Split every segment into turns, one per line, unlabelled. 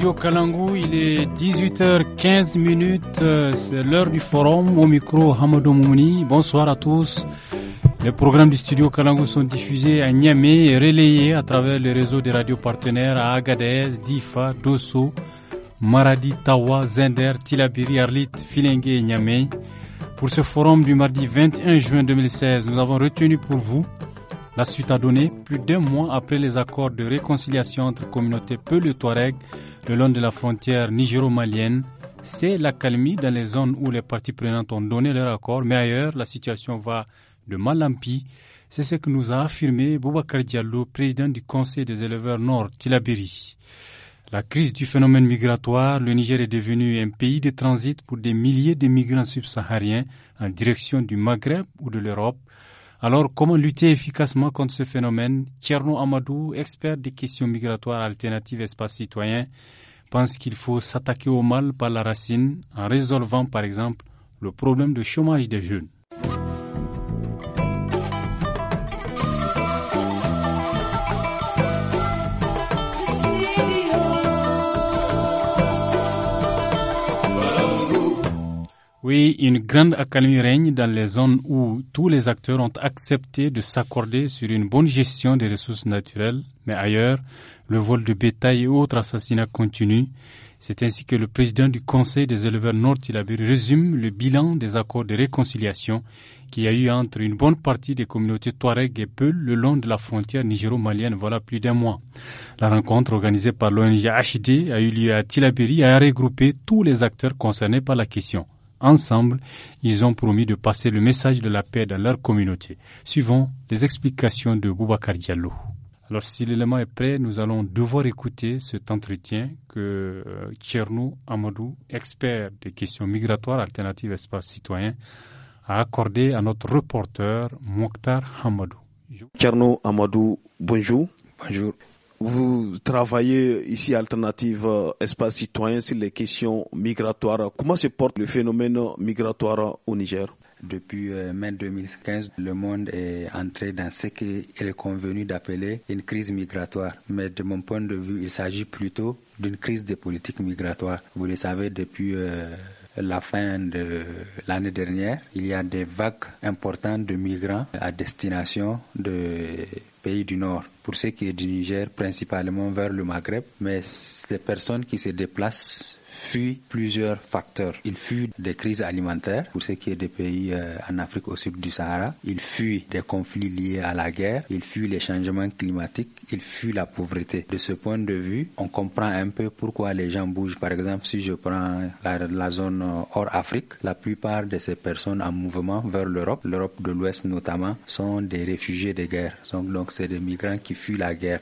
studio Kalangou, il est 18h15 minutes, euh, c'est l'heure du forum au micro Hamadou Mouni. Bonsoir à tous. Les programmes du studio Kalangou sont diffusés à Niamey et relayés à travers le réseau des radios partenaires à Agadez, Difa, Dosso, Maradi, Tawa, Zender, Tilabiri, Arlit, Filengue et Niamey. Pour ce forum du mardi 21 juin 2016, nous avons retenu pour vous la suite a donné, plus d'un mois après les accords de réconciliation entre communautés peu le Touareg, le long de la frontière nigéro-malienne, c'est l'accalmie dans les zones où les parties prenantes ont donné leur accord, mais ailleurs, la situation va de mal en pis. C'est ce que nous a affirmé Boubacar Diallo, président du Conseil des éleveurs nord Tilabiri. La crise du phénomène migratoire, le Niger est devenu un pays de transit pour des milliers de migrants subsahariens en direction du Maghreb ou de l'Europe. Alors, comment lutter efficacement contre ce phénomène Tcherno Amadou, expert des questions migratoires alternatives espace citoyen, pense qu'il faut s'attaquer au mal par la racine en résolvant, par exemple, le problème de chômage des jeunes. Oui, une grande accalmie règne dans les zones où tous les acteurs ont accepté de s'accorder sur une bonne gestion des ressources naturelles, mais ailleurs, le vol de bétail et autres assassinats continuent. C'est ainsi que le président du Conseil des éleveurs nord tilabéri résume le bilan des accords de réconciliation qui a eu entre une bonne partie des communautés Touareg et Peul le long de la frontière nigéro-malienne voilà plus d'un mois. La rencontre organisée par l'ONG HD a eu lieu à Tilabéry et a regroupé tous les acteurs concernés par la question. Ensemble, ils ont promis de passer le message de la paix dans leur communauté. suivant les explications de Goubacar Diallo. Alors, si l'élément est prêt, nous allons devoir écouter cet entretien que euh, Tchernou Amadou, expert des questions migratoires alternatives espace citoyens, a accordé à notre reporter Mokhtar Hamadou.
Tchernou Amadou, bonjour. Bonjour. Vous travaillez ici Alternative euh, Espace Citoyen sur les questions migratoires. Comment se porte le phénomène migratoire
au Niger depuis euh, mai 2015, le monde est entré dans ce qu'il est convenu d'appeler une crise migratoire. Mais de mon point de vue, il s'agit plutôt d'une crise des politiques migratoires. Vous le savez, depuis euh, la fin de l'année dernière, il y a des vagues importantes de migrants à destination de pays du Nord pour ceux qui est du Niger, principalement vers le Maghreb, mais des personnes qui se déplacent fuit plusieurs facteurs. Il fuit des crises alimentaires pour ce qui est des pays euh, en Afrique au sud du Sahara. Il fuit des conflits liés à la guerre. Il fuit les changements climatiques. Il fuit la pauvreté. De ce point de vue, on comprend un peu pourquoi les gens bougent. Par exemple, si je prends la, zone euh, hors Afrique, la plupart de ces personnes en mouvement vers l'Europe, l'Europe de l'Ouest notamment, sont des réfugiés de guerre. Donc, c'est des migrants qui fuient la guerre.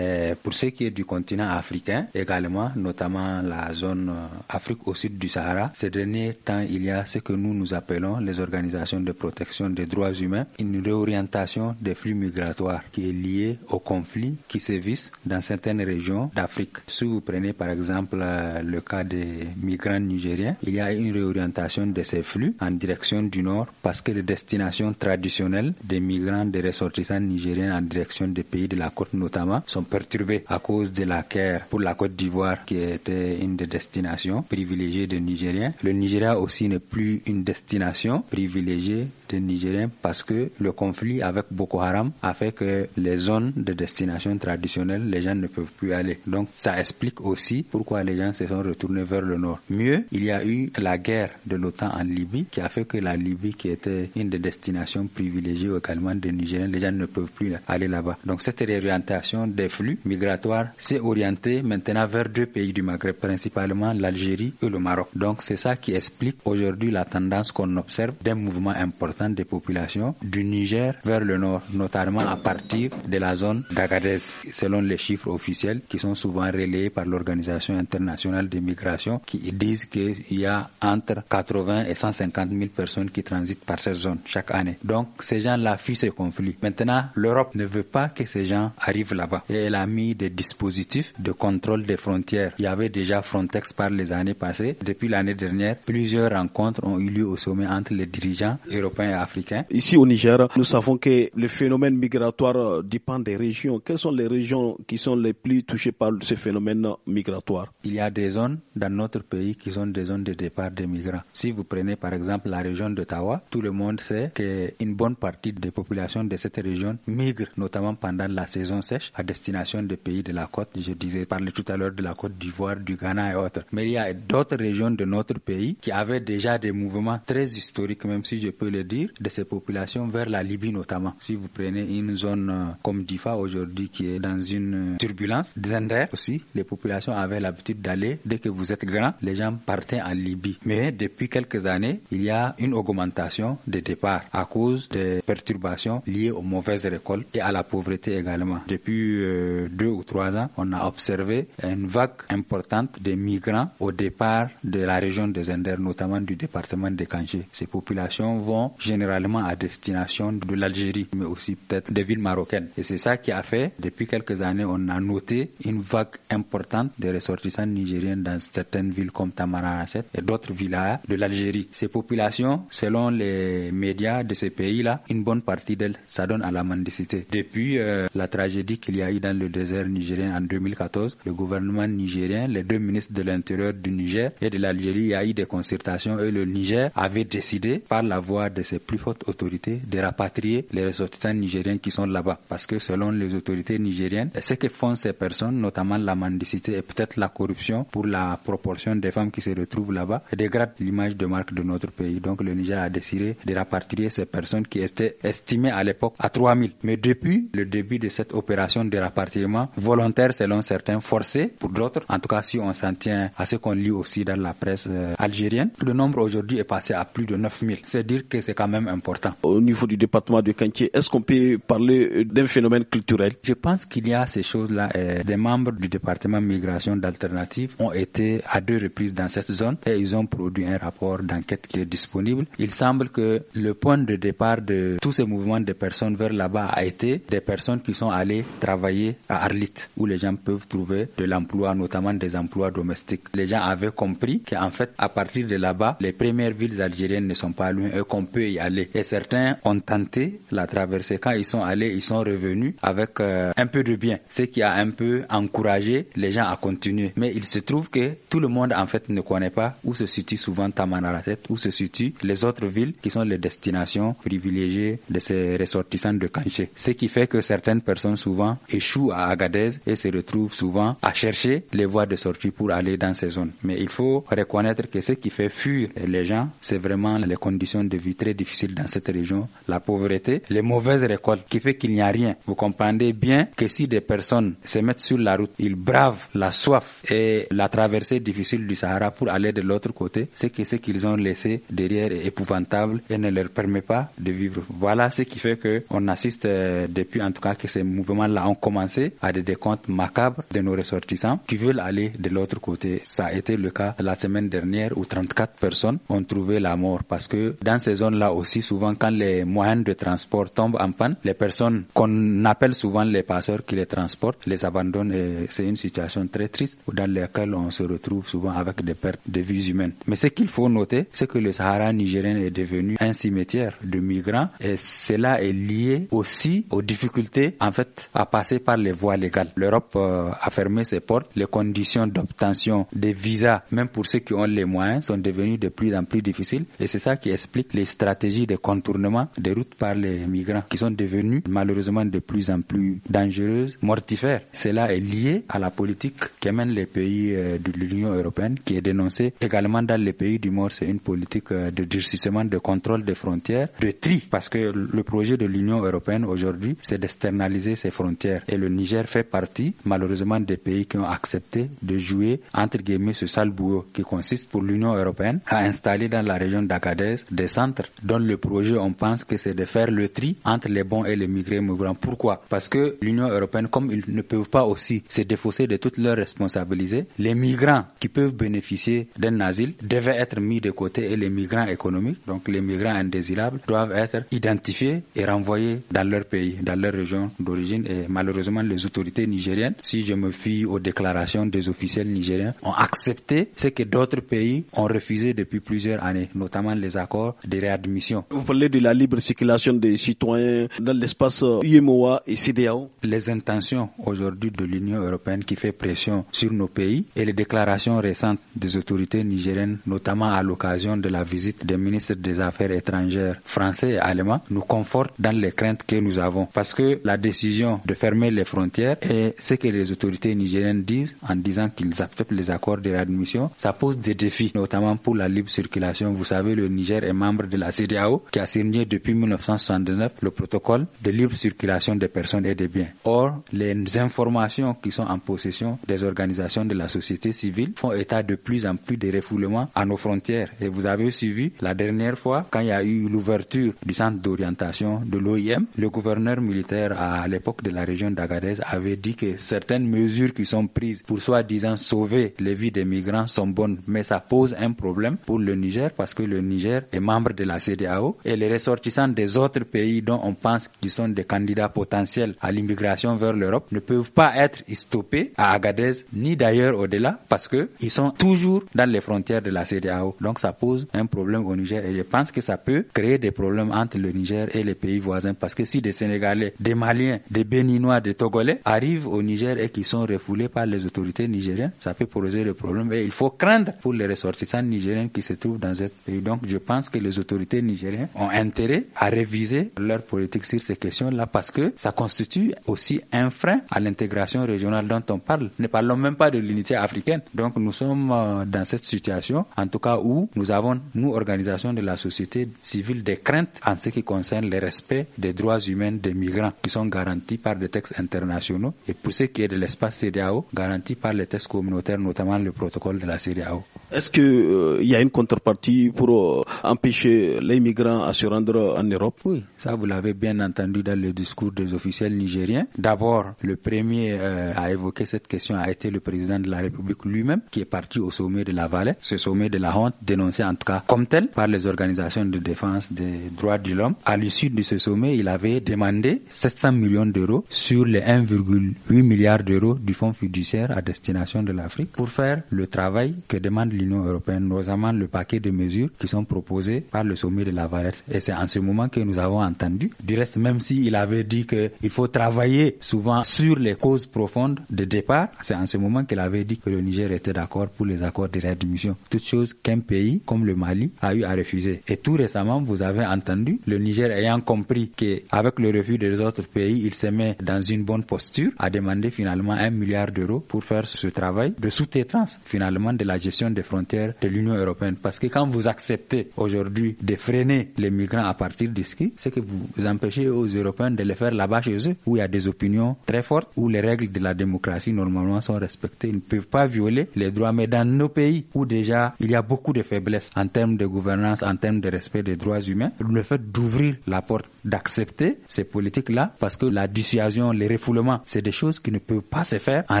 pour ce qui est du continent africain, également, notamment la zone euh, Afrique au sud du Sahara. Ces derniers temps, il y a ce que nous nous appelons les organisations de protection des droits humains, une réorientation des flux migratoires qui est liée aux conflits qui sévissent dans certaines régions d'Afrique. Si vous prenez par exemple euh, le cas des migrants nigériens, il y a une réorientation de ces flux en direction du nord parce que les destinations traditionnelles des migrants, des ressortissants nigériens en direction des pays de la côte notamment sont perturbées à cause de la guerre pour la Côte d'Ivoire qui était une des destinations privilégié privilégiée des Nigériens. Le Nigeria aussi n'est plus une destination privilégiée des Nigériens parce que le conflit avec Boko Haram a fait que les zones de destination traditionnelles, les gens ne peuvent plus aller. Donc ça explique aussi pourquoi les gens se sont retournés vers le nord. Mieux, il y a eu la guerre de l'OTAN en Libye qui a fait que la Libye, qui était une des destinations privilégiées également des Nigériens, les gens ne peuvent plus aller là-bas. Donc cette réorientation des flux migratoires s'est orientée maintenant vers deux pays du Maghreb, principalement la et le Maroc. Donc c'est ça qui explique aujourd'hui la tendance qu'on observe d'un mouvement important des populations du Niger vers le nord, notamment à partir de la zone d'Agadez, selon les chiffres officiels qui sont souvent relayés par l'Organisation internationale des migrations qui disent qu'il y a entre 80 et 150 000 personnes qui transitent par cette zone chaque année. Donc ces gens-là fuient ce conflits. Maintenant, l'Europe ne veut pas que ces gens arrivent là-bas et elle a mis des dispositifs de contrôle des frontières. Il y avait déjà Frontex par les les années passées. Depuis l'année dernière, plusieurs rencontres ont eu lieu au sommet entre les dirigeants européens et africains.
Ici au Niger, nous savons que le phénomène migratoire dépend des régions. Quelles sont les régions qui sont les plus touchées par ce phénomène migratoire
Il y a des zones dans notre pays qui sont des zones de départ des migrants. Si vous prenez par exemple la région d'Ottawa, tout le monde sait qu'une bonne partie des populations de cette région migrent, notamment pendant la saison sèche, à destination des pays de la côte. Je disais, parlais tout à l'heure de la côte d'Ivoire, du Ghana et autres. Mais il y a d'autres régions de notre pays qui avaient déjà des mouvements très historiques, même si je peux le dire, de ces populations vers la Libye notamment. Si vous prenez une zone euh, comme Difa aujourd'hui qui est dans une turbulence, Zender aussi, les populations avaient l'habitude d'aller, dès que vous êtes grand, les gens partaient en Libye. Mais depuis quelques années, il y a une augmentation des départs à cause des perturbations liées aux mauvaises récoltes et à la pauvreté également. Depuis euh, deux ou trois ans, on a observé une vague importante des migrants au départ de la région des Indes, notamment du département de Kanché. Ces populations vont généralement à destination de l'Algérie, mais aussi peut-être des villes marocaines. Et c'est ça qui a fait, depuis quelques années, on a noté une vague importante de ressortissants nigériens dans certaines villes comme Tamaranasset et d'autres villas de l'Algérie. Ces populations, selon les médias de ces pays-là, une bonne partie d'elles s'adonnent à la mendicité. Depuis euh, la tragédie qu'il y a eu dans le désert nigérien en 2014, le gouvernement nigérien, les deux ministres de l'Intérieur du Niger et de l'Algérie, il y a eu des concertations et le Niger avait décidé, par la voix de ses plus fortes autorités, de rapatrier les ressortissants nigériens qui sont là-bas. Parce que selon les autorités nigériennes, ce que font ces personnes, notamment la mendicité et peut-être la corruption pour la proportion des femmes qui se retrouvent là-bas, dégrade l'image de marque de notre pays. Donc le Niger a décidé de rapatrier ces personnes qui étaient estimées à l'époque à 3000. Mais depuis le début de cette opération de rapatriement, volontaire selon certains, forcé pour d'autres, en tout cas si on s'en tient à ce qu'on lit aussi dans la presse euh, algérienne. Le nombre aujourd'hui est passé à plus de 9000. C'est dire que c'est quand même important. Au niveau du département de Kanké, est-ce qu'on peut parler euh, d'un phénomène culturel Je pense qu'il y a ces choses-là. Euh, des membres du département migration d'alternatives ont été à deux reprises dans cette zone et ils ont produit un rapport d'enquête qui est disponible. Il semble que le point de départ de tous ces mouvements de personnes vers là-bas a été des personnes qui sont allées travailler à Arlit, où les gens peuvent trouver de l'emploi, notamment des emplois domestiques. Les gens avaient compris qu'en fait, à partir de là-bas, les premières villes algériennes ne sont pas loin et qu'on peut y aller. Et certains ont tenté la traversée. Quand ils sont allés, ils sont revenus avec euh, un peu de bien, ce qui a un peu encouragé les gens à continuer. Mais il se trouve que tout le monde, en fait, ne connaît pas où se situe souvent Araset, où se situent les autres villes qui sont les destinations privilégiées de ces ressortissants de Kanché. Ce qui fait que certaines personnes souvent échouent à Agadez et se retrouvent souvent à chercher les voies de sortie pour aller dans ces zones. Mais il faut reconnaître que ce qui fait fuir les gens, c'est vraiment les conditions de vie très difficiles dans cette région, la pauvreté, les mauvaises récoltes, qui fait qu'il n'y a rien. Vous comprenez bien que si des personnes se mettent sur la route, ils bravent la soif et la traversée difficile du Sahara pour aller de l'autre côté, c'est que ce qu'ils ont laissé derrière est épouvantable et ne leur permet pas de vivre. Voilà ce qui fait que on assiste euh, depuis en tout cas que ces mouvements-là ont commencé à des décomptes macabres de nos ressortissants qui veulent aller de l'autre côté. Ça été le cas la semaine dernière où 34 personnes ont trouvé la mort parce que dans ces zones-là aussi, souvent quand les moyens de transport tombent en panne, les personnes qu'on appelle souvent les passeurs qui les transportent les abandonnent et c'est une situation très triste dans laquelle on se retrouve souvent avec des pertes de vies humaines. Mais ce qu'il faut noter, c'est que le Sahara nigérien est devenu un cimetière de migrants et cela est lié aussi aux difficultés en fait à passer par les voies légales. L'Europe euh, a fermé ses portes, les conditions d'obtention des Visa, même pour ceux qui ont les moyens, sont devenus de plus en plus difficiles. Et c'est ça qui explique les stratégies de contournement des routes par les migrants, qui sont devenues malheureusement de plus en plus dangereuses, mortifères. Cela est lié à la politique qu'amènent les pays euh, de l'Union européenne, qui est dénoncée également dans les pays du Nord. C'est une politique euh, de durcissement, de contrôle des frontières, de tri, parce que le projet de l'Union européenne aujourd'hui, c'est d'externaliser ses frontières. Et le Niger fait partie, malheureusement, des pays qui ont accepté de jouer, entre guillemets, ce sale boulot qui consiste pour l'Union européenne à installer dans la région d'Agadez des centres dont le projet, on pense que c'est de faire le tri entre les bons et les migrés migrants. Pourquoi Parce que l'Union européenne, comme ils ne peuvent pas aussi se défausser de toutes leurs responsabilités, les migrants qui peuvent bénéficier d'un asile devaient être mis de côté et les migrants économiques, donc les migrants indésirables, doivent être identifiés et renvoyés dans leur pays, dans leur région d'origine. Et malheureusement, les autorités nigériennes, si je me fie aux déclarations des officiels nigériens, ont accès accepté ce que d'autres pays ont refusé depuis plusieurs années, notamment les accords de réadmission.
Vous parlez de la libre circulation des citoyens dans l'espace UEMOA euh, et CDAO
Les intentions aujourd'hui de l'Union européenne qui fait pression sur nos pays et les déclarations récentes des autorités nigériennes, notamment à l'occasion de la visite des ministres des Affaires étrangères français et allemands, nous confortent dans les craintes que nous avons. Parce que la décision de fermer les frontières et ce que les autorités nigériennes disent en disant qu'ils acceptent les accords de l'admission, ça pose des défis, notamment pour la libre circulation. Vous savez, le Niger est membre de la CDAO qui a signé depuis 1979 le protocole de libre circulation des personnes et des biens. Or, les informations qui sont en possession des organisations de la société civile font état de plus en plus de refoulements à nos frontières. Et vous avez suivi la dernière fois quand il y a eu l'ouverture du centre d'orientation de l'OIM, le gouverneur militaire à l'époque de la région d'Agadez avait dit que certaines mesures qui sont prises pour soi-disant sauver les vies des migrants sont bonnes, mais ça pose un problème pour le Niger parce que le Niger est membre de la CDAO et les ressortissants des autres pays dont on pense qu'ils sont des candidats potentiels à l'immigration vers l'Europe ne peuvent pas être stoppés à Agadez ni d'ailleurs au-delà parce que ils sont toujours dans les frontières de la CDAO. Donc ça pose un problème au Niger et je pense que ça peut créer des problèmes entre le Niger et les pays voisins parce que si des Sénégalais, des Maliens, des Béninois, des Togolais arrivent au Niger et qui sont refoulés par les autorités nigériennes, ça peut poser des problème et il faut craindre pour les ressortissants nigériens qui se trouvent dans cette pays. Donc je pense que les autorités nigériennes ont intérêt à réviser leur politique sur ces questions-là parce que ça constitue aussi un frein à l'intégration régionale dont on parle. Ne parlons même pas de l'unité africaine. Donc nous sommes euh, dans cette situation, en tout cas où nous avons, nous, organisations de la société civile, des craintes en ce qui concerne le respect des droits humains des migrants qui sont garantis par des textes internationaux et pour ce qui est de l'espace CDAO, garantis par les textes communautaires, notamment le protocole de la CEDEAO.
Est-ce qu'il il euh, y a une contrepartie pour euh, empêcher les migrants
à se rendre en Europe Oui, ça vous l'avez bien entendu dans le discours des officiels nigériens. D'abord, le premier euh, à évoquer cette question a été le président de la République lui-même, qui est parti au sommet de la Vallée, ce sommet de la honte dénoncé en tout cas comme tel par les organisations de défense des droits de l'homme. À l'issue de ce sommet, il avait demandé 700 millions d'euros sur les 1,8 milliard d'euros du fonds fiduciaire à destination de l'Afrique pour faire le travail que demande l'Union européenne, notamment le paquet de mesures qui sont proposées par le sommet de la Valette. Et c'est en ce moment que nous avons entendu. Du reste, même s'il avait dit qu'il faut travailler souvent sur les causes profondes de départ, c'est en ce moment qu'il avait dit que le Niger était d'accord pour les accords de réadmission. Toute chose qu'un pays comme le Mali a eu à refuser. Et tout récemment, vous avez entendu le Niger ayant compris qu'avec le refus des autres pays, il se met dans une bonne posture, a demandé finalement un milliard d'euros pour faire ce travail de sous-traitance finalement de la gestion des frontières de l'Union européenne. Parce que quand vous acceptez aujourd'hui de freiner les migrants à partir d'ici, c'est que vous empêchez aux Européens de les faire là-bas chez eux, où il y a des opinions très fortes, où les règles de la démocratie normalement sont respectées. Ils ne peuvent pas violer les droits. Mais dans nos pays, où déjà il y a beaucoup de faiblesses en termes de gouvernance, en termes de respect des droits humains, le fait d'ouvrir la porte d'accepter ces politiques-là parce que la dissuasion, les refoulements, c'est des choses qui ne peuvent pas se faire en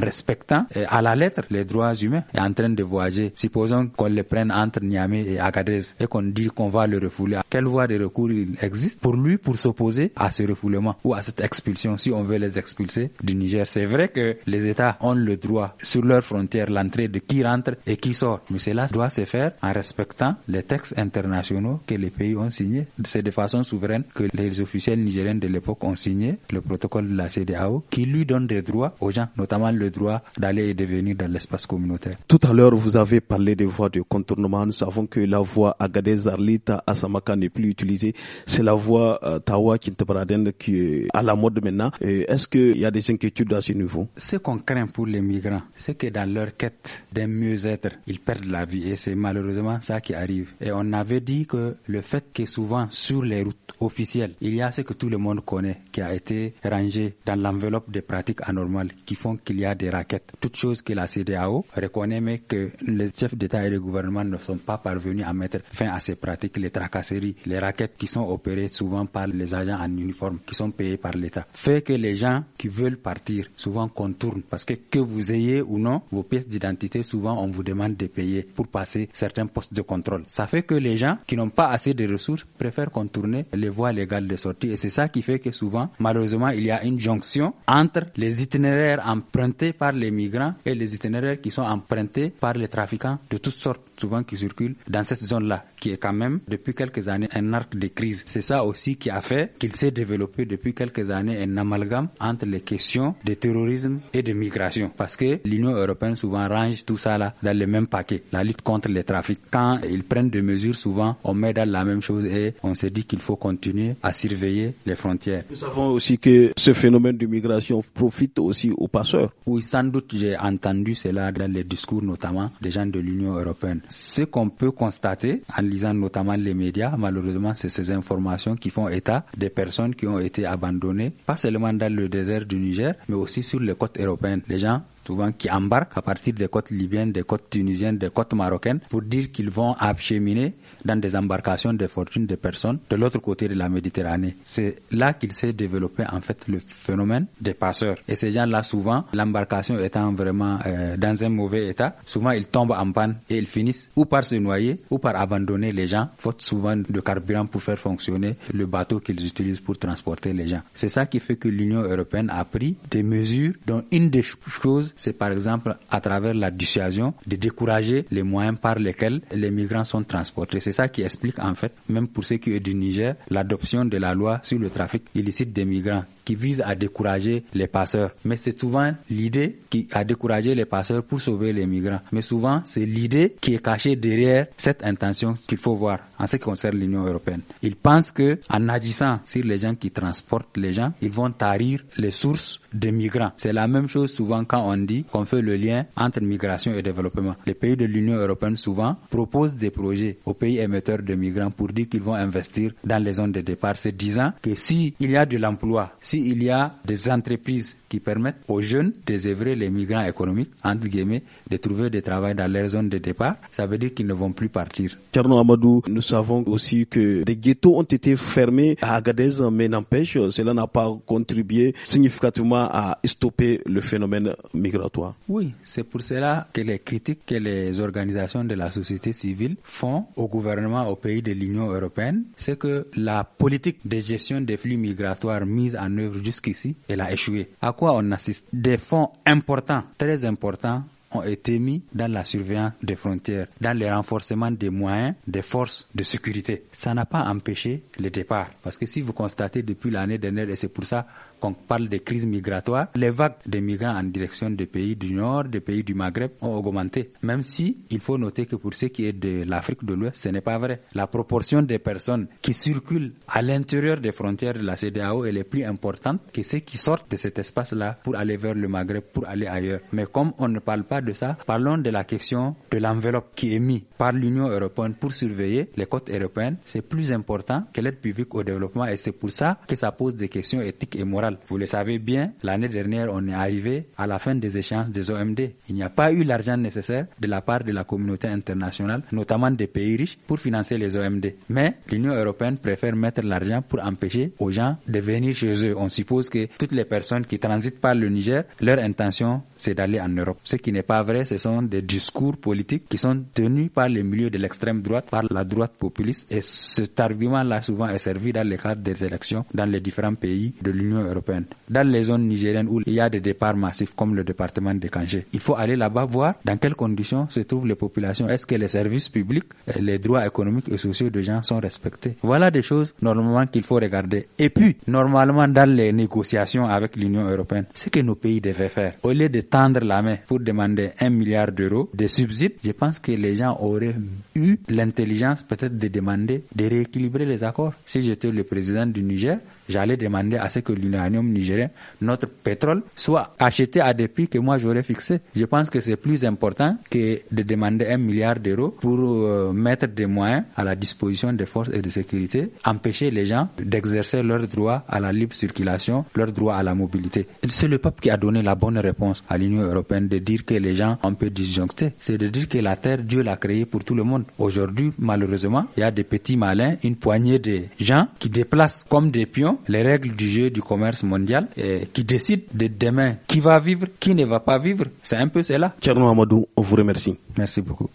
respectant euh, à la lettre les droits humains et en train de voyager. Supposons qu'on les prenne entre Niamey et Agadez et qu'on dit qu'on va le refouler. Quelle voie de recours il existe pour lui pour s'opposer à ce refoulement ou à cette expulsion si on veut les expulser du Niger? C'est vrai que les États ont le droit sur leurs frontières l'entrée de qui rentre et qui sort, mais cela doit se faire en respectant les textes internationaux que les pays ont signés. C'est de façon souveraine que les les officiels nigériens de l'époque ont signé le protocole de la CDAO qui lui donne des droits aux gens, notamment le droit d'aller et de venir dans l'espace communautaire.
Tout à l'heure, vous avez parlé des voies de contournement. Nous savons que la voie Agadez-Arlita Asamaka n'est plus utilisée. C'est la voie euh, Tawa-Kintabraden qui est à la mode maintenant. Est-ce qu'il y a des inquiétudes à ce niveau
Ce qu'on craint pour les migrants, c'est que dans leur quête d'un mieux-être, ils perdent la vie et c'est malheureusement ça qui arrive. Et on avait dit que le fait que souvent sur les routes officielles, il y a ce que tout le monde connaît qui a été rangé dans l'enveloppe des pratiques anormales qui font qu'il y a des raquettes. Toute chose que la CDAO reconnaît mais que les chefs d'État et de gouvernement ne sont pas parvenus à mettre fin à ces pratiques, les tracasseries, les raquettes qui sont opérées souvent par les agents en uniforme qui sont payés par l'État. Fait que les gens qui veulent partir souvent contournent parce que que vous ayez ou non vos pièces d'identité, souvent on vous demande de payer pour passer certains postes de contrôle. Ça fait que les gens qui n'ont pas assez de ressources préfèrent contourner les voies légales de Et c'est ça qui fait que souvent, malheureusement, il y a une jonction entre les itinéraires empruntés par les migrants et les itinéraires qui sont empruntés par les trafiquants de toutes sortes, souvent qui circulent dans cette zone-là, qui est quand même, depuis quelques années, un arc de crise. C'est ça aussi qui a fait qu'il s'est développé depuis quelques années un amalgame entre les questions de terrorisme et de migration. Parce que l'Union européenne souvent range tout ça là dans le même paquet, la lutte contre les trafics. Quand ils prennent des mesures, souvent, on met dans la même chose et on se dit qu'il faut continuer à surveiller les frontières.
Nous savons aussi que ce phénomène de migration
profite aussi aux passeurs. Oui, sans doute, j'ai entendu cela dans les discours notamment des gens de l'Union européenne. Ce qu'on peut constater en lisant notamment les médias, malheureusement, c'est ces informations qui font état des personnes qui ont été abandonnées, pas seulement dans le désert du Niger, mais aussi sur les côtes européennes. Les gens souvent qui embarquent à partir des côtes libyennes, des côtes tunisiennes, des côtes marocaines, pour dire qu'ils vont acheminer dans des embarcations de fortune de personnes de l'autre côté de la Méditerranée. C'est là qu'il s'est développé en fait le phénomène des passeurs. Et ces gens-là, souvent, l'embarcation étant vraiment euh, dans un mauvais état, souvent ils tombent en panne et ils finissent ou par se noyer ou par abandonner les gens, faute souvent de carburant pour faire fonctionner le bateau qu'ils utilisent pour transporter les gens. C'est ça qui fait que l'Union européenne a pris des mesures dont une des choses, c'est par exemple à travers la dissuasion de décourager les moyens par lesquels les migrants sont transportés c'est ça qui explique en fait, même pour ceux qui est du Niger, l'adoption de la loi sur le trafic illicite des migrants qui vise à décourager les passeurs. Mais c'est souvent l'idée qui a découragé les passeurs pour sauver les migrants. Mais souvent, c'est l'idée qui est cachée derrière cette intention qu'il faut voir en ce qui concerne l'Union européenne. Ils pensent que en agissant sur les gens qui transportent les gens, ils vont tarir les sources des migrants. C'est la même chose souvent quand on dit qu'on fait le lien entre migration et développement. Les pays de l'Union européenne souvent proposent des projets aux pays émetteurs de migrants pour dire qu'ils vont investir dans les zones de départ. C'est disant que s'il il y a de l'emploi, s'il y a des entreprises qui permettent aux jeunes, désévrer les migrants économiques, entre guillemets, de trouver du travail dans leur zones de départ, ça veut dire qu'ils ne vont plus partir.
Tcherno Amadou, nous savons aussi que des ghettos ont été fermés à Agadez, mais n'empêche, cela n'a pas contribué significativement à stopper le phénomène migratoire.
Oui, c'est pour cela que les critiques que les organisations de la société civile font au gouvernement au pays de l'Union européenne, c'est que la politique de gestion des flux migratoires mise en œuvre jusqu'ici, elle a échoué. À quoi on assiste Des fonds importants, très importants, ont été mis dans la surveillance des frontières, dans le renforcement des moyens des forces de sécurité. Ça n'a pas empêché le départ. Parce que si vous constatez depuis l'année dernière, et c'est pour ça on parle de crise migratoire, les vagues de migrants en direction des pays du Nord, des pays du Maghreb ont augmenté. Même si il faut noter que pour ce qui est de l'Afrique de l'Ouest, ce n'est pas vrai. La proportion des personnes qui circulent à l'intérieur des frontières de la CDAO est est plus importante que ceux qui sortent de cet espace-là pour aller vers le Maghreb, pour aller ailleurs. Mais comme on ne parle pas de ça, parlons de la question de l'enveloppe qui est mise par l'Union européenne pour surveiller les côtes européennes. C'est plus important que l'aide publique au développement et c'est pour ça que ça pose des questions éthiques et morales vous le savez bien, l'année dernière, on est arrivé à la fin des échéances des OMD. Il n'y a pas eu l'argent nécessaire de la part de la communauté internationale, notamment des pays riches, pour financer les OMD. Mais l'Union européenne préfère mettre l'argent pour empêcher aux gens de venir chez eux. On suppose que toutes les personnes qui transitent par le Niger, leur intention c'est d'aller en Europe. Ce qui n'est pas vrai, ce sont des discours politiques qui sont tenus par les milieux de l'extrême droite, par la droite populiste. Et cet argument-là souvent est servi dans le cadre des élections dans les différents pays de l'Union européenne. Dans les zones nigériennes où il y a des départs massifs comme le département de Kangé, il faut aller là-bas voir dans quelles conditions se trouvent les populations. Est-ce que les services publics, euh, les droits économiques et sociaux des gens sont respectés Voilà des choses normalement qu'il faut regarder. Et puis, normalement, dans les négociations avec l'Union européenne, ce que nos pays devaient faire, au lieu de tendre la main pour demander un milliard d'euros de subsides, je pense que les gens auraient eu l'intelligence peut-être de demander de rééquilibrer les accords. Si j'étais le président du Niger, j'allais demander à ce que l'uranium nigérien, notre pétrole, soit acheté à des prix que moi j'aurais fixé. Je pense que c'est plus important que de demander un milliard d'euros pour euh, mettre des moyens à la disposition des forces et de sécurité, empêcher les gens d'exercer leur droit à la libre circulation, leur droit à la mobilité. C'est le peuple qui a donné la bonne réponse à l'Union européenne de dire que les gens ont peu disjoncter. C'est de dire que la terre, Dieu l'a créée pour tout le monde. Aujourd'hui, malheureusement, il y a des petits malins, une poignée de gens qui déplacent comme des pions les règles du jeu du commerce mondial et qui décident de demain qui va vivre, qui ne va pas vivre. C'est un peu cela. Tcherno Amadou, on vous remercie. Merci beaucoup.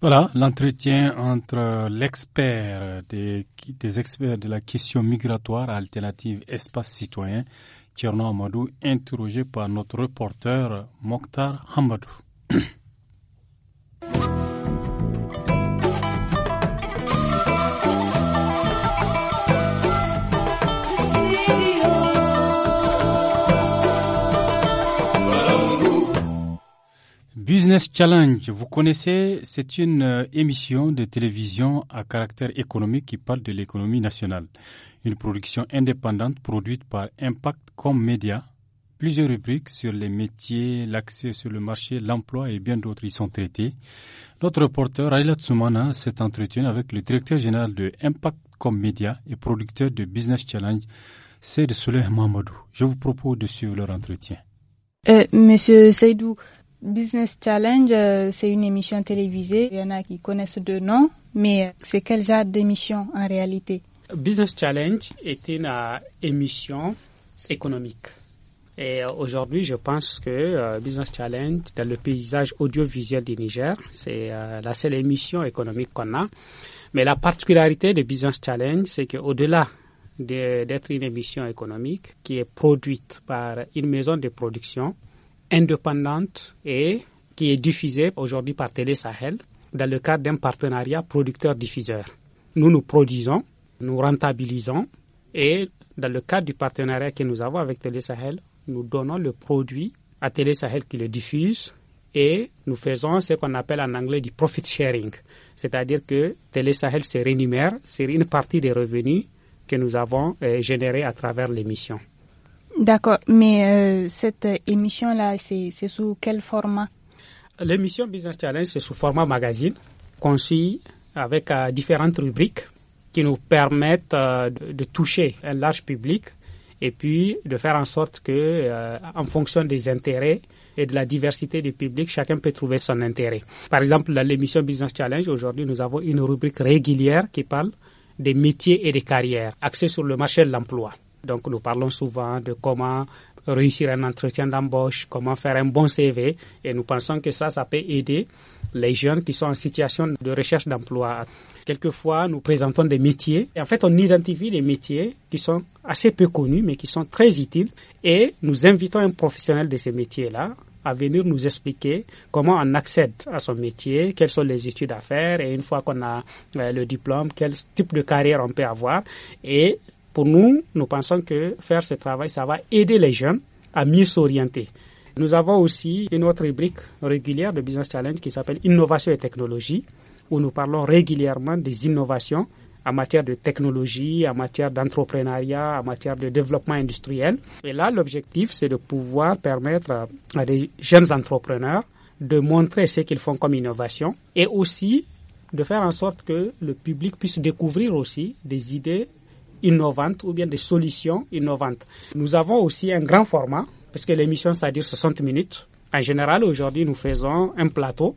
Voilà l'entretien entre l'expert des, des, experts de la question migratoire alternative espace citoyen, Tcherno Amadou, interrogé par notre reporter Mokhtar Hamadou. Business Challenge, vous connaissez, c'est une euh, émission de télévision à caractère économique qui parle de l'économie nationale. Une production indépendante produite par Impact Com Media. Plusieurs rubriques sur les métiers, l'accès sur le marché, l'emploi et bien d'autres y sont traités. Notre reporter, Ayla Tsoumana s'est entretenu avec le directeur général de Impact Com média et producteur de Business Challenge, Seyd Souleh Mamadou. Je vous propose de suivre leur
entretien. Euh, monsieur Seydou, Business Challenge, euh, c'est une émission télévisée. Il y en a qui connaissent deux nom, mais euh, c'est quel genre d'émission en réalité
Business Challenge est une euh, émission économique. Et aujourd'hui, je pense que Business Challenge, dans le paysage audiovisuel du Niger, c'est la seule émission économique qu'on a. Mais la particularité de Business Challenge, c'est qu'au-delà d'être une émission économique qui est produite par une maison de production, indépendante et qui est diffusée aujourd'hui par Télé Sahel dans le cadre d'un partenariat producteur-diffuseur. Nous nous produisons, nous rentabilisons et dans le cadre du partenariat que nous avons avec Télé Sahel, nous donnons le produit à Télé Sahel qui le diffuse et nous faisons ce qu'on appelle en anglais du profit sharing, c'est-à-dire que Télé Sahel se rémunère sur une partie des revenus que nous avons euh, générés à travers l'émission.
D'accord, mais euh, cette émission-là, c'est sous quel format
L'émission Business Challenge, c'est sous format magazine, conçu avec euh, différentes rubriques qui nous permettent euh, de, de, toucher un large public et puis de faire en sorte que, en fonction des intérêts et de la diversité du public, chacun peut trouver son intérêt. Par exemple, l'émission Business Challenge, aujourd'hui, nous avons une rubrique régulière qui parle des métiers et des carrières, axée sur le marché de l'emploi. Donc nous parlons souvent de comment réussir un entretien d'embauche, comment faire un bon CV et nous pensons que ça, ça peut aider les jeunes qui sont en situation de recherche d'emploi. Quelquefois, nous présentons des métiers. Et en fait, on identifie des métiers qui sont assez peu connus, mais qui sont très utiles. Et nous invitons un professionnel de ces métiers-là à venir nous expliquer comment on accède à son métier, quelles sont les études à faire, et une fois qu'on a euh, le diplôme, quel type de carrière on peut avoir. Et pour nous, nous pensons que faire ce travail, ça va aider les jeunes à mieux s'orienter. Nous avons aussi une autre rubrique régulière de Business Challenge qui s'appelle Innovation et technologie, où nous parlons régulièrement des innovations en matière de technologie, en matière d'entrepreneuriat, en matière de développement industriel. Et là, l'objectif, c'est de pouvoir permettre à des jeunes entrepreneurs de montrer ce qu'ils font comme innovation et aussi de faire en sorte que le public puisse découvrir aussi des idées innovantes ou bien des solutions innovantes. Nous avons aussi un grand format, parce que l'émission, ça dure 60 minutes. En général, aujourd'hui, nous faisons un plateau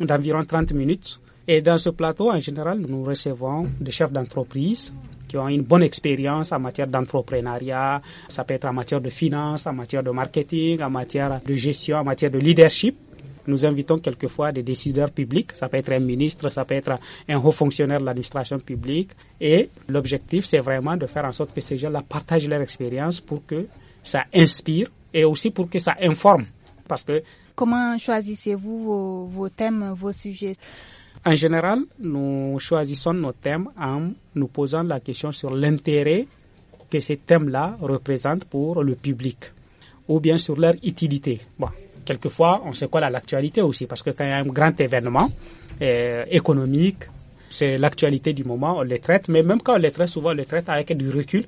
d'environ 30 minutes. Et dans ce plateau, en général, nous recevons des chefs d'entreprise qui ont une bonne expérience en matière d'entrepreneuriat. Ça peut être en matière de finance, en matière de marketing, en matière de gestion, en matière de leadership. Nous invitons quelquefois des décideurs publics, ça peut être un ministre, ça peut être un haut fonctionnaire de l'administration publique. Et l'objectif, c'est vraiment de faire en sorte que ces gens-là partagent leur expérience pour que ça inspire et aussi pour que ça informe. Parce que
Comment choisissez-vous vos, thèmes, vos sujets
En général, nous choisissons nos thèmes en nous posant la question sur l'intérêt que ces thèmes-là représentent pour le public ou bien sur leur utilité quelquefois, on se quoi à l'actualité aussi, parce que quand il y a un grand événement euh, économique, c'est l'actualité du moment, on les traite, mais même quand on les traite, souvent on les traite avec du recul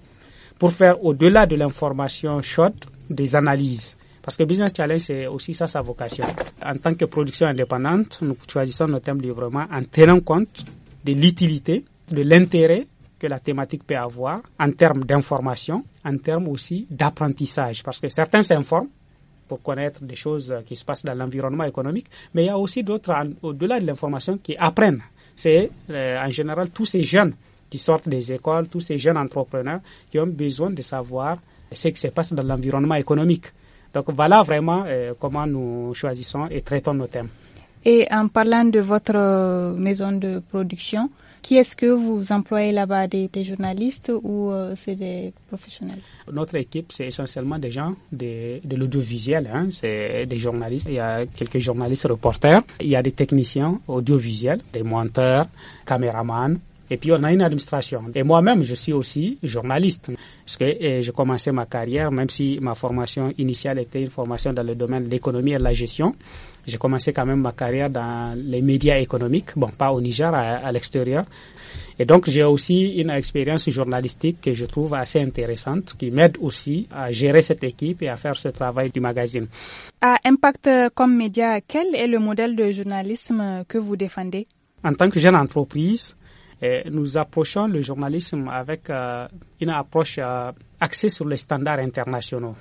pour faire au-delà de l'information chaude des analyses. Parce que Business Challenge, c'est aussi ça sa vocation. En tant que production indépendante, nous choisissons nos thèmes librement en tenant compte de l'utilité, de l'intérêt que la thématique peut avoir en termes d'information, en termes aussi d'apprentissage. Parce que certains s'informent, pour connaître des choses qui se passent dans l'environnement économique, mais il y a aussi d'autres, au-delà de l'information, qui apprennent. C'est euh, en général tous ces jeunes qui sortent des écoles, tous ces jeunes entrepreneurs qui ont besoin de savoir ce qui se passe dans l'environnement économique. Donc voilà vraiment euh, comment nous choisissons et traitons nos thèmes.
Et en parlant de votre euh, maison de production, qui est-ce que vous employez là-bas des, des, journalistes ou euh, c'est des professionnels
Notre équipe, c'est essentiellement des gens de, de l'audiovisuel. Hein. C'est des journalistes. Il y a quelques journalistes reporters. Il y a des techniciens audiovisuels, des monteurs, caméramans. Et puis on a une administration. Et moi-même, je suis aussi journaliste. Parce que eh, je commençais ma carrière, même si ma formation initiale était une formation dans le domaine de l'économie et de la gestion. J'ai commencé quand même ma carrière dans les médias économiques, bon, pas au Niger, à, l'extérieur. Et donc, j'ai aussi une expérience journalistique que je trouve assez intéressante, qui m'aide aussi à gérer cette équipe et à faire ce travail du magazine.
À Impact comme média, quel est le modèle de journalisme que vous défendez
En tant que jeune entreprise, eh, nous approchons le journalisme avec euh, une approche euh, axée sur les standards internationaux,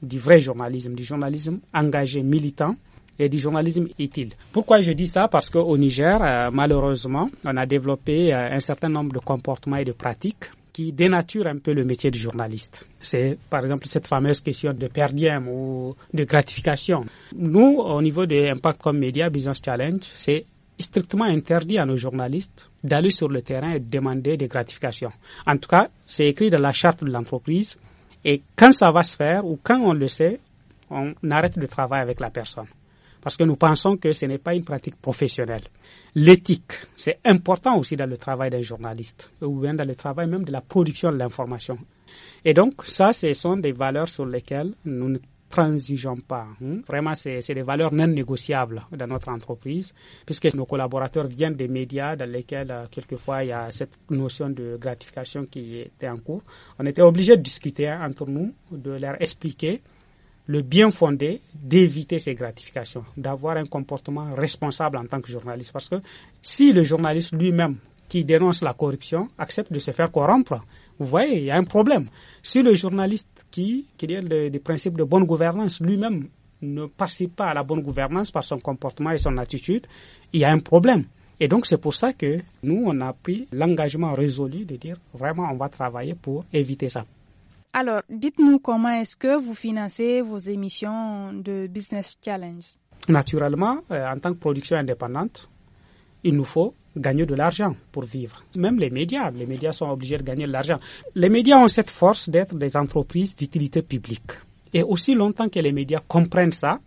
du vrai journalisme, du journalisme engagé, militant, et du journalisme utile. Pourquoi je dis ça Parce qu'au Niger, euh, malheureusement, on a développé euh, un certain nombre de comportements et de pratiques qui dénaturent un peu le métier de journaliste. C'est par exemple cette fameuse question de perdième ou de gratification. Nous, au niveau de Impact comme Média Business Challenge, c'est strictement interdit à nos journalistes d'aller sur le terrain et de demander des gratifications. En tout cas, c'est écrit dans la charte de l'entreprise et quand ça va se faire ou quand on le sait, on arrête de travailler avec la personne parce que nous pensons que ce n'est pas une pratique professionnelle. L'éthique, c'est important aussi dans le travail d'un journaliste, ou bien dans le travail même de la production de l'information. Et donc, ça, ce sont des valeurs sur lesquelles nous ne transigeons pas. Hein. Vraiment, c'est des valeurs non négociables dans notre entreprise, puisque nos collaborateurs viennent des médias dans lesquels, euh, quelquefois, il y a cette notion de gratification qui était en cours. On était obligé de discuter entre nous, de leur expliquer le bien fondé d'éviter ces gratifications, d'avoir un comportement responsable en tant que journaliste. Parce que si le journaliste lui-même qui dénonce la corruption accepte de se faire corrompre, vous voyez, il y a un problème. Si le journaliste qui, qui dit des principes de bonne gouvernance lui-même ne participe pas à la bonne gouvernance par son comportement et son attitude, il y a un problème. Et donc c'est pour ça que nous, on a pris l'engagement résolu de dire vraiment on va travailler pour éviter ça.
Alors, dites-nous comment est-ce que vous financez vos émissions de Business Challenge
Naturellement, euh, en tant que production indépendante, il nous faut gagner de l'argent pour vivre. Même les médias, les médias sont obligés de gagner de l'argent. Les médias ont cette force d'être des entreprises d'utilité publique. Et aussi longtemps que les médias comprennent ça,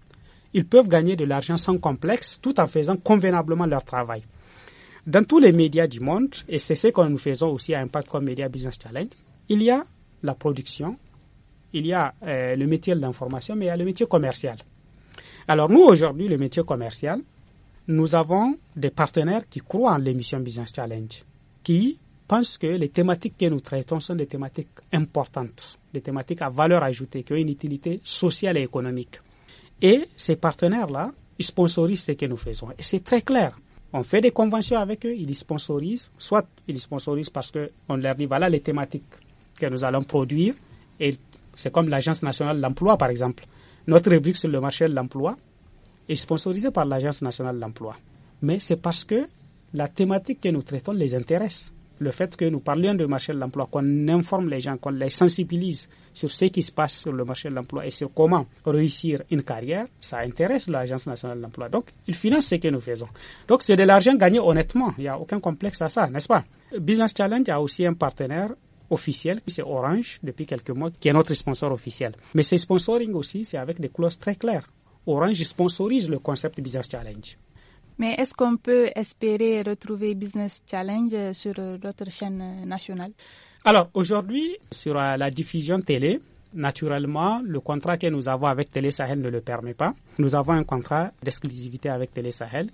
ils peuvent gagner de l'argent sans complexe tout en faisant convenablement leur travail. Dans tous les médias du monde, et c'est ce que nous faisons aussi à Impact comme Media Business Challenge, il y a la production, il y a euh, le métier de l'information, mais il y a le métier commercial. Alors nous, aujourd'hui, le métier commercial, nous avons des partenaires qui croient en l'émission Business Challenge, qui pensent que les thématiques que nous traitons sont des thématiques importantes, des thématiques à valeur ajoutée, qui ont une utilité sociale et économique. Et ces partenaires-là, ils sponsorisent ce que nous faisons. Et c'est très clair. On fait des conventions avec eux, ils sponsorisent. Soit ils sponsorisent parce qu'on leur dit voilà les thématiques que nous allons produire. Et c'est comme l'Agence nationale de l'emploi, par exemple. Notre rubrique sur le marché de l'emploi est sponsorisée par l'Agence nationale de l'emploi. Mais c'est parce que la thématique que nous traitons les intéresse. Le fait que nous parlions du marché de l'emploi, qu'on informe les gens, qu'on les sensibilise sur ce qui se passe sur le marché de l'emploi et sur comment réussir une carrière, ça intéresse l'Agence nationale de l'emploi. Donc, ils financent ce que nous faisons. Donc, c'est de l'argent gagné honnêtement. Il n'y a aucun complexe à ça, n'est-ce pas Business Challenge a aussi un partenaire officiel, c'est Orange depuis quelques mois, qui est notre sponsor officiel. Mais ce sponsoring aussi, c'est avec des clauses très claires. Orange sponsorise le concept Business Challenge.
Mais est-ce qu'on peut espérer retrouver Business Challenge sur d'autres chaînes nationale
Alors aujourd'hui, sur euh, la diffusion télé, naturellement, le contrat que nous avons avec Télé Sahel ne le permet pas. Nous avons un contrat d'exclusivité avec Télé Sahel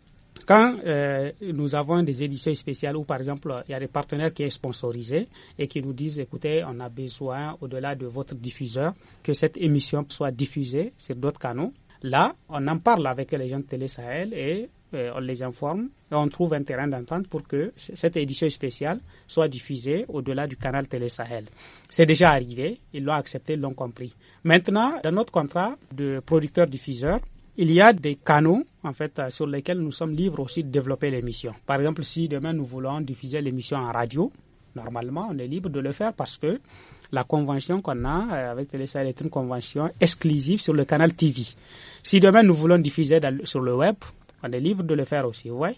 quand euh, nous avons des éditions spéciales où, par exemple, il y a des partenaires qui sont sponsorisés et qui nous disent, écoutez, on a besoin, au-delà de votre diffuseur, que cette émission soit diffusée sur d'autres canaux. Là, on en parle avec les gens de Télé Sahel et euh, on les informe et on trouve un terrain d'entente pour que cette édition spéciale soit diffusée au-delà du canal Télé Sahel. C'est déjà arrivé, ils l'ont accepté, ils l'ont compris. Maintenant, dans notre contrat de producteur-diffuseur, il y a des canaux en fait, euh, sur lesquels nous sommes libres aussi de développer l'émission. Par exemple, si demain nous voulons diffuser l'émission en radio, normalement, on est libre de le faire parce que la convention qu'on a euh, avec Télésal est une convention exclusive sur le canal TV. Si demain nous voulons diffuser sur le web, on est libre de le faire aussi, ouais.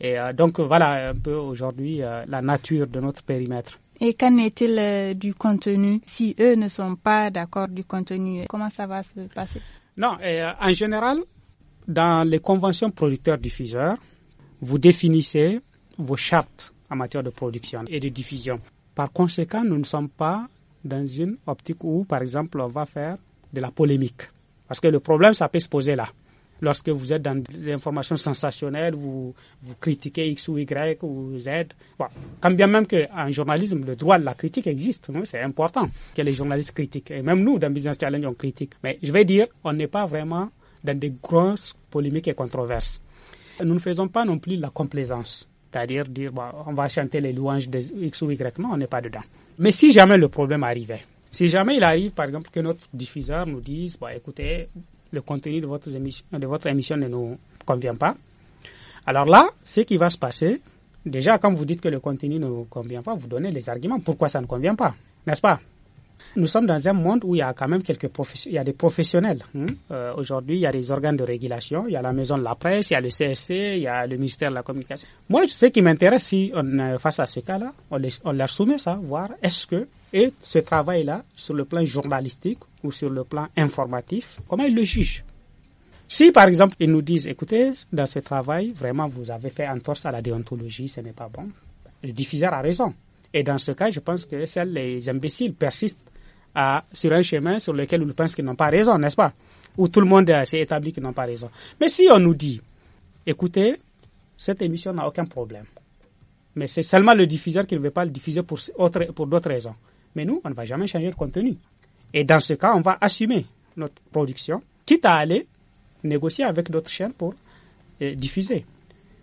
Et euh, donc voilà un peu aujourd'hui la nature de notre périmètre.
Et qu'en est-il du contenu Si eux ne sont pas d'accord du contenu, comment ça va se passer
non, euh, en général, dans les conventions producteurs-diffuseurs, vous définissez vos chartes en matière de production et de diffusion. Par conséquent, nous ne sommes pas dans une optique où, par exemple, on va faire de la polémique. Parce que le problème, ça peut se poser là lorsque vous êtes dans l'information sensationnelle, vous, vous critiquez X ou Y ou Z. Bon, quand bien même qu'en journalisme, le droit de la critique existe, hein, c'est important que les journalistes critiquent. Et même nous, dans Business Challenge, on critique. Mais je vais dire, on n'est pas vraiment dans des grosses polémiques et controverses. Nous ne faisons pas non plus la complaisance, c'est-à-dire dire, on va chanter les louanges de X ou Y. Non, on n'est pas dedans. Mais si jamais le problème arrivait, si jamais il arrive, par exemple, que notre diffuseur nous dise, écoutez, le contenu de votre émission, de votre émission ne nous convient pas. Alors là, ce qui va se passer, déjà quand vous dites que le contenu ne vous convient pas, vous donnez les arguments pourquoi ça ne convient pas, n'est-ce pas Nous sommes dans un monde où il y a quand même quelques il y a des professionnels. Hein. Euh, aujourd'hui, il y a des organes de régulation, il y a la maison de la presse, il y a le CSC, il y a le ministère de la communication. Moi, ce qui m'intéresse, si on face à ce cas-là, on, on, leur soumet ça, voir est-ce que et ce travail-là, sur le plan journalistique ou sur le plan informatif, comment ils le jugent si par exemple ils nous disent, écoutez, dans ce travail, vraiment vous avez fait entorse à la déontologie, ce n'est pas bon, le diffuseur a raison. Et dans ce cas, je pense que seuls les imbéciles persistent à, sur un chemin sur lequel ils pensent qu'ils n'ont pas raison, n'est-ce pas Où tout le monde euh, s'est établi qu'ils n'ont pas raison. Mais si on nous dit, écoutez, cette émission n'a aucun problème, mais c'est seulement le diffuseur qui ne veut pas le diffuser pour, pour d'autres raisons. Mais nous, on ne va jamais changer de contenu. Et dans ce cas, on va assumer notre production, quitte à aller négocier avec d'autres chaînes pour euh, diffuser.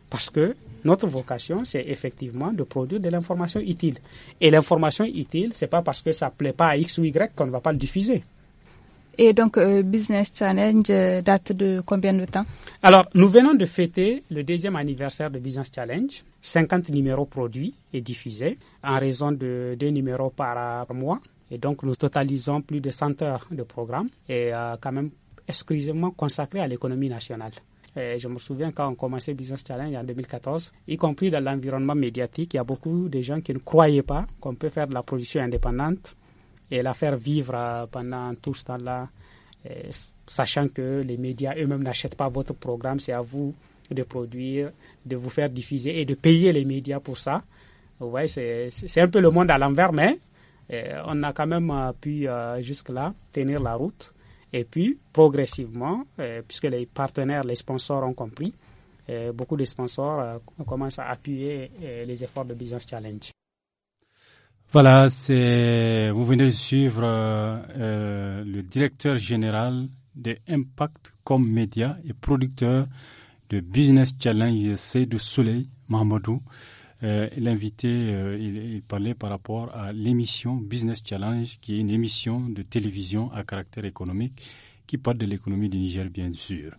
Parce que notre vocation, c'est effectivement de produire de l'information utile. Et l'information utile, ce n'est pas parce que ça ne plaît pas à X ou Y qu'on ne va pas le diffuser.
Et donc, euh, Business Challenge euh, date de combien de temps
Alors, nous venons de fêter le deuxième anniversaire de Business Challenge, 50 numéros produits et diffusés en raison de deux numéros par mois. Et donc, nous totalisons plus de 100 heures de programme et euh, quand même exclusivement consacré à l'économie nationale. Et je me souviens quand on commençait Business Challenge en 2014, y compris dans l'environnement médiatique, il y a beaucoup de gens qui ne croyaient pas qu'on peut faire de la production indépendante et la faire vivre euh, pendant tout ce temps-là, sachant que les médias eux-mêmes n'achètent pas votre programme, c'est à vous de produire, de vous faire diffuser et de payer les médias pour ça. Vous voyez, c'est un peu le monde à l'envers, mais euh, on a quand même euh, pu euh, jusque-là tenir la route. Et puis, progressivement, puisque les partenaires, les sponsors ont compris, beaucoup de sponsors commencent à appuyer les efforts de Business Challenge.
Voilà, vous venez de suivre le directeur général de Impact comme média et producteur de Business Challenge, c'est du Soleil, Mamadou. Euh, l'invité, euh, il, parlait par rapport à l'émission Business Challenge, qui est une émission de télévision à caractère économique qui parle de l'économie du Niger, bien sûr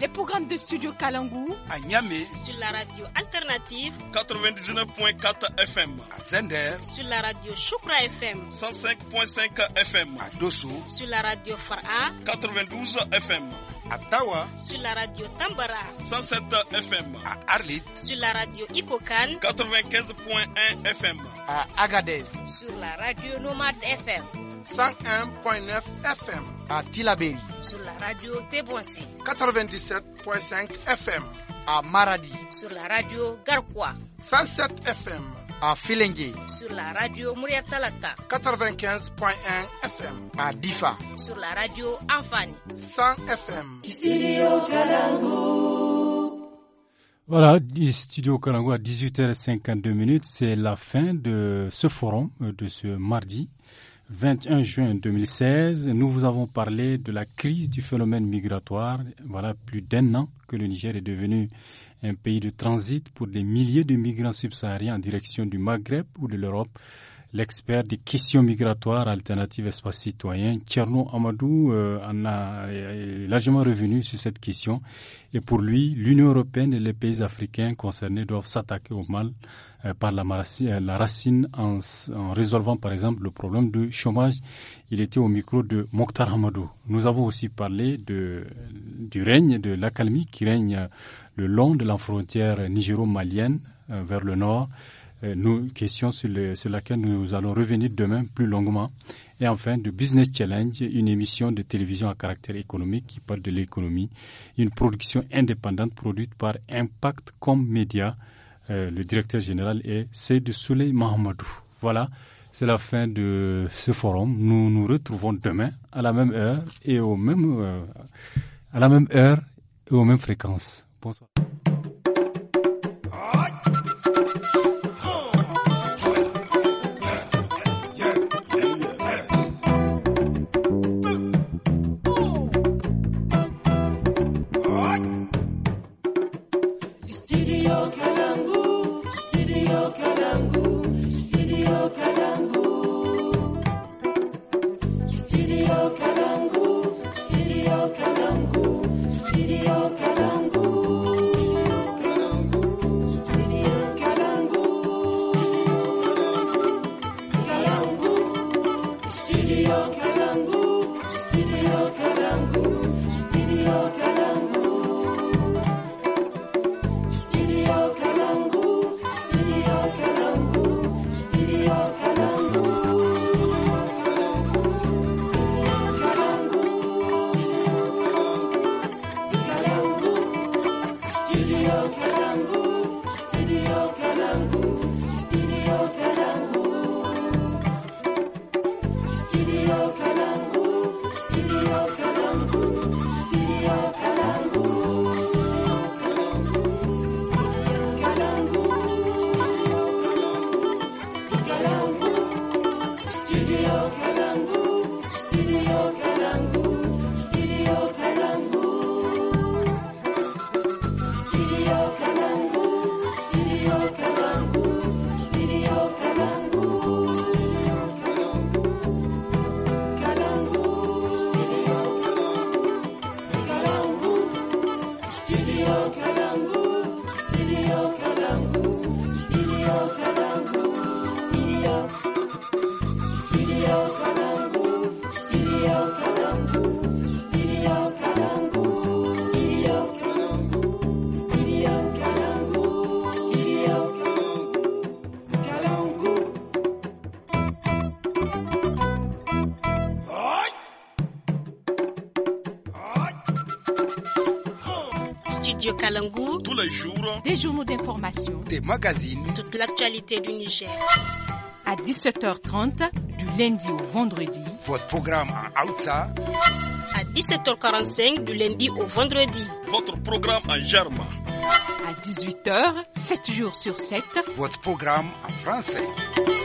les programmes de Studio Kalangou à Niamey sur
la radio alternative 99.4 FM à Zender
sur la radio Choukra FM
105.5 FM à Dosso sur
la radio Fara
92 FM à Tawa sur la
radio Tambara
107 FM à Arlit
sur la radio Hippocane
95.1 FM
à Agadez
sur la radio Nomad FM
101.9 FM
à Tilabé
sur la radio Tebouassi 97.5 FM à Maradi. Sur la radio Garkwa. 107 FM
à Filengue. Sur la radio
Mouriatalata. 95.1 FM
à Difa.
Sur la radio Anfani. 100 FM. Studio
Kalango
Voilà, Studio Kalango à 18h52 minutes. C'est la fin de ce forum euh, de ce mardi. 21 juin 2016, nous vous avons parlé de la crise du phénomène migratoire. Voilà plus d'un an que le Niger est devenu un pays de transit pour des milliers de migrants subsahariens en direction du Maghreb ou de l'Europe l'expert des questions migratoires alternatives espace citoyen. Tcherno Amadou euh, en a, euh, largement revenu sur cette question et pour lui, l'Union européenne et les pays africains concernés doivent s'attaquer au mal euh, par la, la racine en, résolvant par exemple le problème du chômage. Il était au micro de Mokhtar Amadou. Nous avons aussi parlé de, du règne, de l'accalmie qui règne le long de la frontière nigéro-malienne vers le nord. Euh, nous, question sur, le, laquelle nous allons revenir demain plus longuement. Et enfin, du Business Challenge, une émission de télévision à caractère économique qui parle de l'économie, une production indépendante produite par Impact Com Media. Euh, le directeur général est Seydou Soleil Mahamadou. Voilà, c'est la fin de ce forum. Nous nous retrouvons demain à la même heure et au même, euh, à la même heure et aux mêmes fréquences. Bonsoir.
Radio Tous les jours. Des journaux d'information. Des magazines. Toute l'actualité du Niger. À 17h30, du lundi au vendredi. Votre programme en Aoussa. À 17h45, du lundi au vendredi. Votre
programme en german.
À 18h, 7 jours sur 7. Votre programme en français.